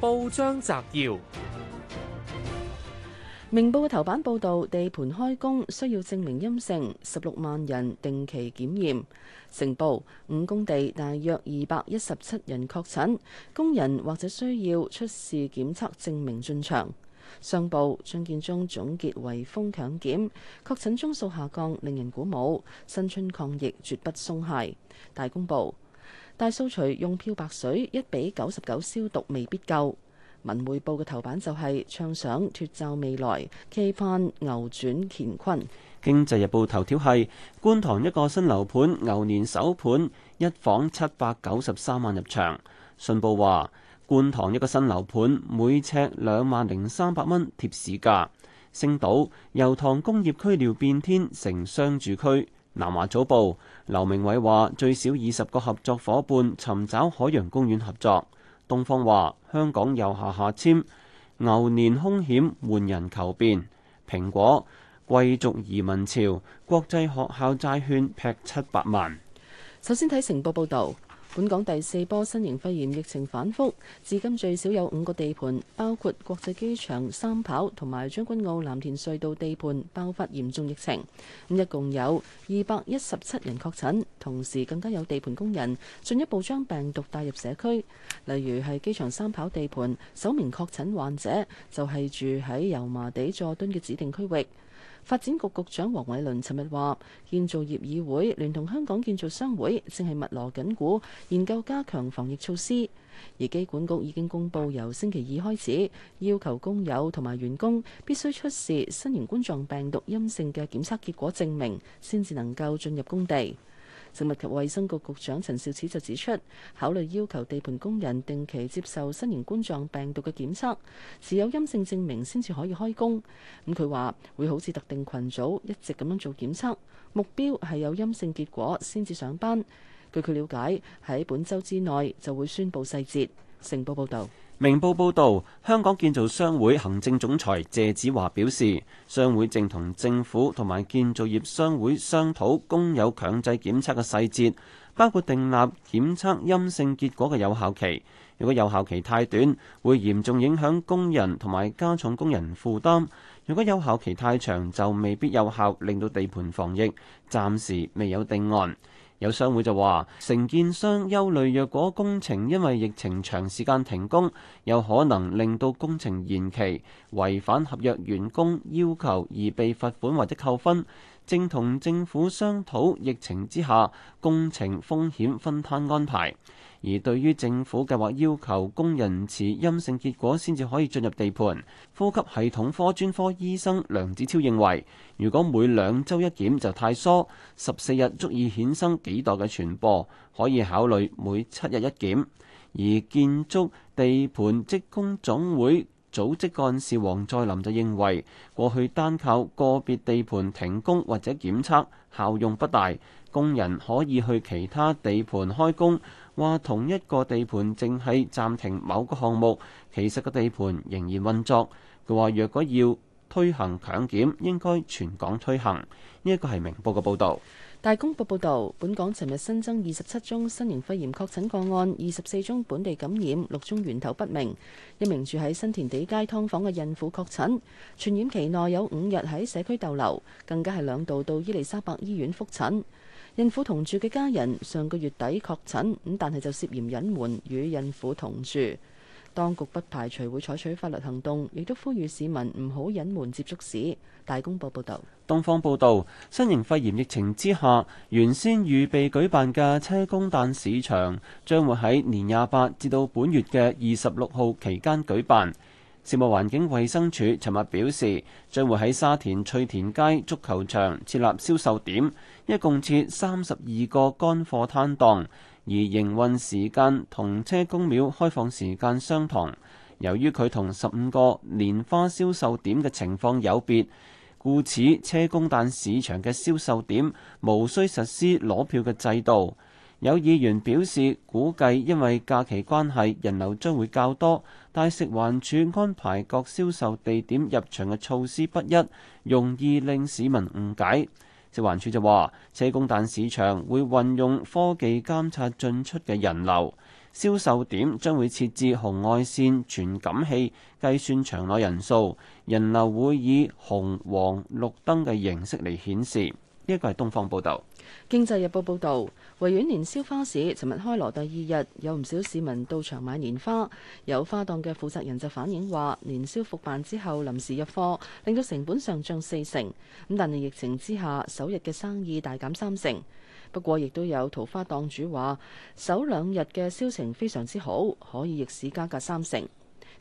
報章摘要：明報嘅頭版報道，地盤開工需要證明陰性，十六萬人定期檢驗。成報五工地大約二百一十七人確診，工人或者需要出示檢測證明進場。商報張建中總結為風強檢“封強檢”，確診宗數下降令人鼓舞，新春抗疫絕不鬆懈。大公報。大掃除用漂白水一比九十九消毒未必夠。文匯報嘅頭版就係暢想脱罩未來，期盼牛轉乾坤。經濟日報頭條係觀塘一個新樓盤牛年首盤，一房七百九十三萬入場。信報話觀塘一個新樓盤每尺兩萬零三百蚊貼市價。星島油塘工業區料變天成商住區。南華早報劉明偉話最少二十個合作伙伴尋找海洋公園合作。東方話香港有下下籤，牛年凶險換人求變。蘋果貴族移民潮，國際學校債券劈七百萬。首先睇成報報道。本港第四波新型肺炎疫情反覆至今最少有五個地盤，包括國際機場三跑同埋將軍澳藍田隧道地盤爆發嚴重疫情。咁一共有二百一十七人確診，同時更加有地盤工人進一步將病毒帶入社區，例如係機場三跑地盤首名確診患者就係住喺油麻地佐敦嘅指定區域。發展局局長黃偉綸尋日話，建造業議會聯同香港建造商會正係密鑼緊鼓，研究加強防疫措施。而機管局已經公布，由星期二開始，要求工友同埋員工必須出示新型冠狀病毒陰性嘅檢測結果證明，先至能夠進入工地。食物及衛生局局長陳肇始就指出，考慮要求地盤工人定期接受新型冠狀病毒嘅檢測，持有陰性證明先至可以開工。咁佢話會好似特定群組一直咁樣做檢測，目標係有陰性結果先至上班。據佢了解，喺本週之內就會宣布細節。成報報道。明報報導，香港建造商會行政總裁謝子華表示，商會正同政府同埋建造業商會商討工友強制檢測嘅細節，包括訂立檢測陰性結果嘅有效期。如果有效期太短，會嚴重影響工人同埋加重工人負擔；如果有效期太長，就未必有效，令到地盤防疫暫時未有定案。有商會就話，承建商憂慮，若果工程因為疫情長時間停工，有可能令到工程延期，違反合約完工要求而被罰款或者扣分，正同政府商討疫情之下工程風險分攤安排。而對於政府計劃要求工人持陰性結果先至可以進入地盤，呼吸系統科專科醫生梁子超認為，如果每兩周一檢就太疏，十四日足以衍生幾代嘅傳播，可以考慮每七日一檢。而建築地盤職工總會組織幹事王再林就認為，過去單靠個別地盤停工或者檢測效用不大，工人可以去其他地盤開工。話同一個地盤正喺暫停某個項目，其實個地盤仍然運作。佢話若果要推行強檢，應該全港推行。呢一個係明報嘅報導。大公報報導，本港尋日新增二十七宗新型肺炎確診個案，二十四宗本地感染，六宗源頭不明。一名住喺新田地街劏房嘅孕婦確診，傳染期內有五日喺社區逗留，更加係兩度到伊利沙伯醫院覆診。孕婦同住嘅家人上個月底確診，咁但係就涉嫌隱瞞與孕婦同住，當局不排除會採取法律行動，亦都呼籲市民唔好隱瞞接觸史。大公報報道，東方報道，新型肺炎疫情之下，原先預備舉辦嘅車公誕市場將會喺年廿八至到本月嘅二十六號期間舉辦。食物環境衞生署尋日表示，將會喺沙田翠田街足球場設立銷售點，一共設三十二個乾貨攤檔，而營運時間同車公廟開放時間相同。由於佢同十五個年花銷售點嘅情況有別，故此車公誕市場嘅銷售點無需實施攞票嘅制度。有議員表示，估計因為假期關係，人流將會較多。但食環署安排各銷售地點入場嘅措施不一，容易令市民誤解。食環署就話，車公誕市場會運用科技監察進出嘅人流，銷售點將會設置紅外線傳感器計算場內人數，人流會以紅、黃、綠燈嘅形式嚟顯示。呢個係東方報道。經濟日報報道，維園年宵花市尋日開鑼第二日，有唔少市民到場買年花。有花檔嘅負責人就反映話，年宵復辦之後臨時入貨，令到成本上漲四成。咁但係疫情之下，首日嘅生意大減三成。不過亦都有桃花檔主話，首兩日嘅銷情非常之好，可以逆市加價三成。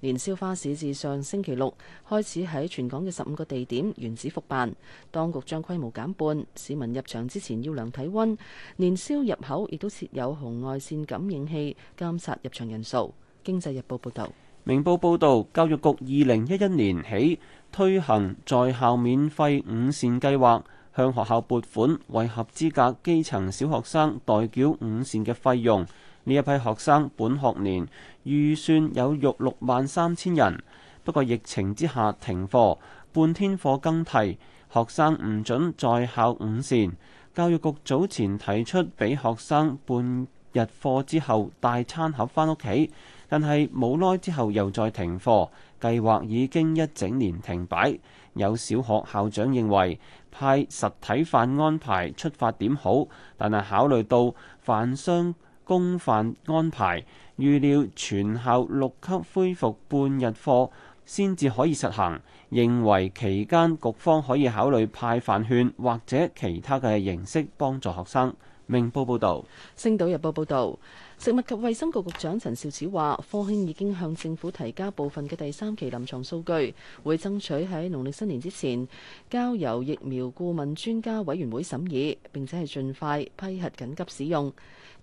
年宵花市至上星期六開始喺全港嘅十五個地點原址復辦，當局將規模減半，市民入場之前要量體温，年宵入口亦都設有紅外線感應器監察入場人數。經濟日報報道，明報報道，教育局二零一一年起推行在校免費午膳計劃，向學校撥款為合資格基層小學生代繳午膳嘅費用。呢一批學生本學年預算有約六萬三千人，不過疫情之下停課，半天課更替，學生唔准在校午膳。教育局早前提出俾學生半日課之後帶餐盒返屋企，但係冇耐之後又再停課，計劃已經一整年停擺。有小學校長認為派實體飯安排出發點好，但係考慮到飯商，供飯安排預料，全校六級恢復半日課先至可以實行。認為期間局方可以考慮派飯券或者其他嘅形式幫助學生。明報報道。星島日報報道，食物及衛生局局長陳肇始話，科興已經向政府提交部分嘅第三期臨床數據，會爭取喺農曆新年之前交由疫苗顧問專家委員會審議，並且係盡快批核緊急使用。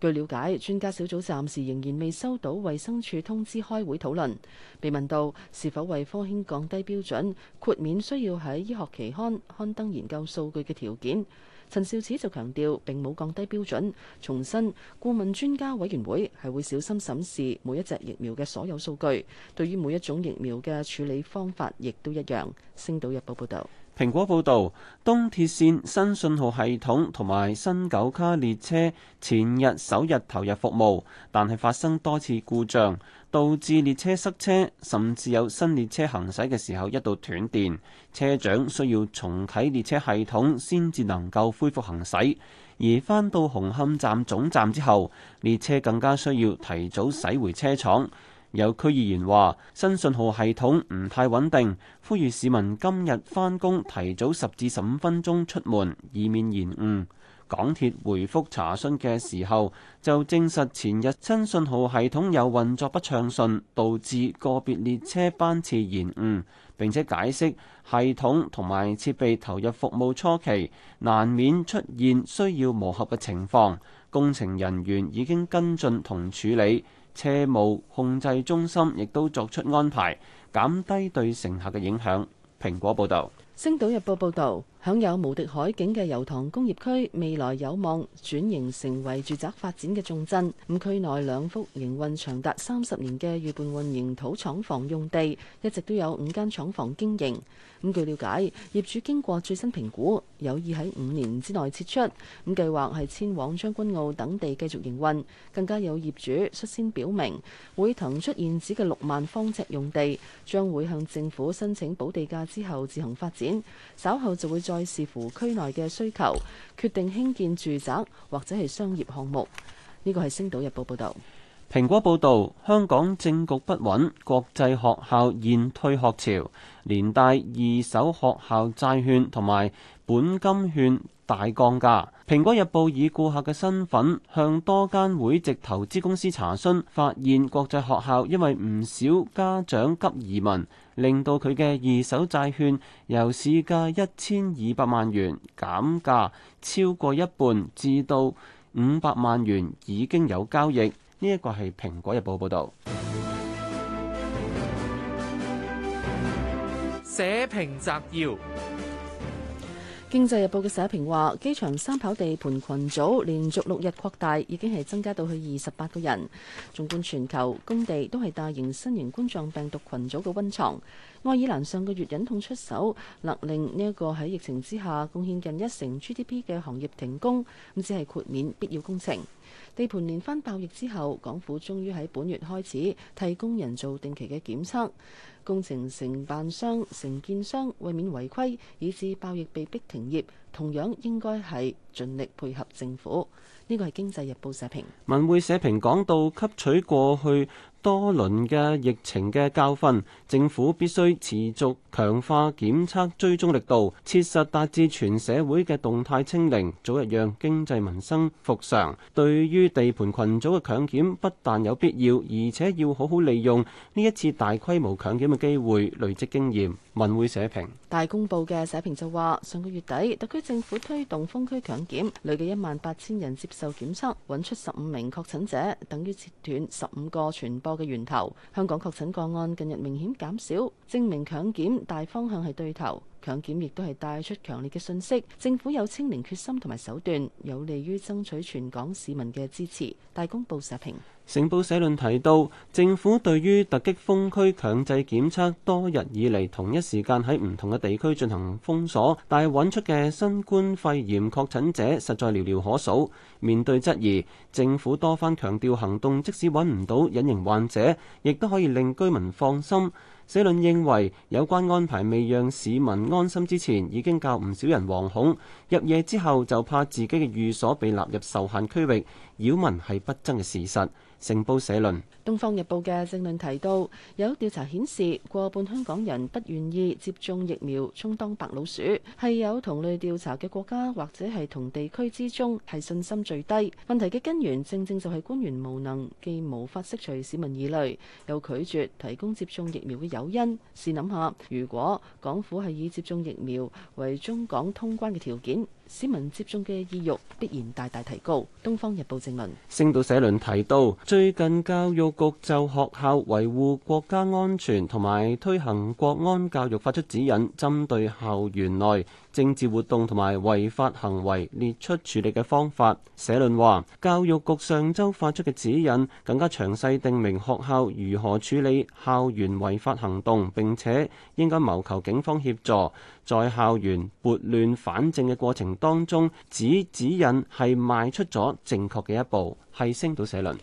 據了解，專家小組暫時仍然未收到衛生署通知開會討論。被問到是否為科興降低標準，豁免需要喺醫學期刊刊登研究數據嘅條件，陳肇始就強調並冇降低標準，重申顧問專家委員會係會小心審視每一隻疫苗嘅所有數據，對於每一種疫苗嘅處理方法亦都一樣。星島日報報道。蘋果報道，東鐵線新信號系統同埋新九卡列車前日首日投入服務，但係發生多次故障，導致列車塞車，甚至有新列車行駛嘅時候一度斷電，車長需要重啟列車系統先至能夠恢復行駛。而返到紅磡站總站之後，列車更加需要提早駛回車廠。有區議員話：新信號系統唔太穩定，呼籲市民今日返工提早十至十五分鐘出門，以免延誤。港鐵回覆查詢嘅時候，就證實前日新信號系統有運作不暢順，導致個別列車班次延誤。並且解釋系統同埋設備投入服務初期，難免出現需要磨合嘅情況，工程人員已經跟進同處理。車務控制中心亦都作出安排，減低對乘客嘅影響。蘋果報道。星島日報報道，享有無敵海景嘅油塘工業區未來有望轉型成為住宅發展嘅重鎮。咁區內兩幅營運長達三十年嘅預拌運營土廠房用地，一直都有五間廠房經營。咁據了解，業主經過最新評估，有意喺五年之內撤出，咁計劃係遷往將軍澳等地繼續營運。更加有業主率先表明，會騰出現址嘅六萬方尺用地，將會向政府申請補地價之後自行發展。稍後就會再視乎區內嘅需求，決定興建住宅或者係商業項目。呢個係《星島日報》報導。蘋果報導，香港政局不穩，國際學校現退學潮，連帶二手學校債券同埋本金券大降價。蘋果日報以顧客嘅身份向多間會籍投資公司查詢，發現國際學校因為唔少家長急移民。令到佢嘅二手債券由市價一千二百萬元減價超過一半，至到五百萬元已經有交易。呢、這、一個係《蘋果日報》報道。社評摘要。經濟日報嘅社評話，機場三跑地盤群組連續六日擴大，已經係增加到去二十八個人。縱觀全球，工地都係大型新型冠狀病毒群組嘅溫床。愛爾蘭上個月忍痛出手，勒令呢一個喺疫情之下貢獻近一成 GDP 嘅行業停工，咁只係豁免必要工程。地盤連番爆疫之後，港府終於喺本月開始替工人做定期嘅檢測。工程承辦商、承建商為免違規，以致爆裂被逼停業，同樣應該係盡力配合政府。呢個係《經濟日報》社評。文匯社評講到吸取過去多輪嘅疫情嘅教訓，政府必須持續強化檢測追蹤力度，切實達至全社會嘅動態清零，早日讓經濟民生復常。對於地盤羣組嘅強檢，不但有必要，而且要好好利用呢一次大規模強檢嘅機會，累積經驗。文匯社評大公報嘅社評就話：上個月底，特區政府推動封區強檢，累計一萬八千人接受檢測，揾出十五名確診者，等於切斷十五個傳播嘅源頭，香港確診個案近日明顯減少，證明強檢大方向係對頭。強檢亦都係帶出強烈嘅訊息，政府有清零決心同埋手段，有利於爭取全港市民嘅支持。大公報社評，成報社論提到，政府對於突擊封區強制檢測多日以嚟同一時間喺唔同嘅地區進行封鎖，但係揾出嘅新冠肺炎確診者實在寥寥可數。面對質疑，政府多番強調行動，即使揾唔到隱形患者，亦都可以令居民放心。社論認為有關安排未讓市民安心之前，已經教唔少人惶恐。入夜之後就怕自己嘅寓所被納入受限區域。擾民係不爭嘅事實。成報社論，《東方日報》嘅政論提到，有調查顯示，過半香港人不願意接種疫苗，充當白老鼠，係有同類調查嘅國家或者係同地區之中係信心最低。問題嘅根源正正就係官員無能，既無法釋除市民疑慮，又拒絕提供接種疫苗嘅誘因。試諗下，如果港府係以接種疫苗為中港通關嘅條件，市民接種嘅意欲必然大大提高。《東方日報》正文，星島社論提到，最近教育局就學校維護國家安全同埋推行國安教育發出指引，針對校園內政治活動同埋違法行為列出處理嘅方法。社論話，教育局上週發出嘅指引更加詳細定明學校如何處理校園違法行動，並且應該謀求警方協助。在校園撥亂反正嘅過程當中，指指引係邁出咗正確嘅一步，係升到社論。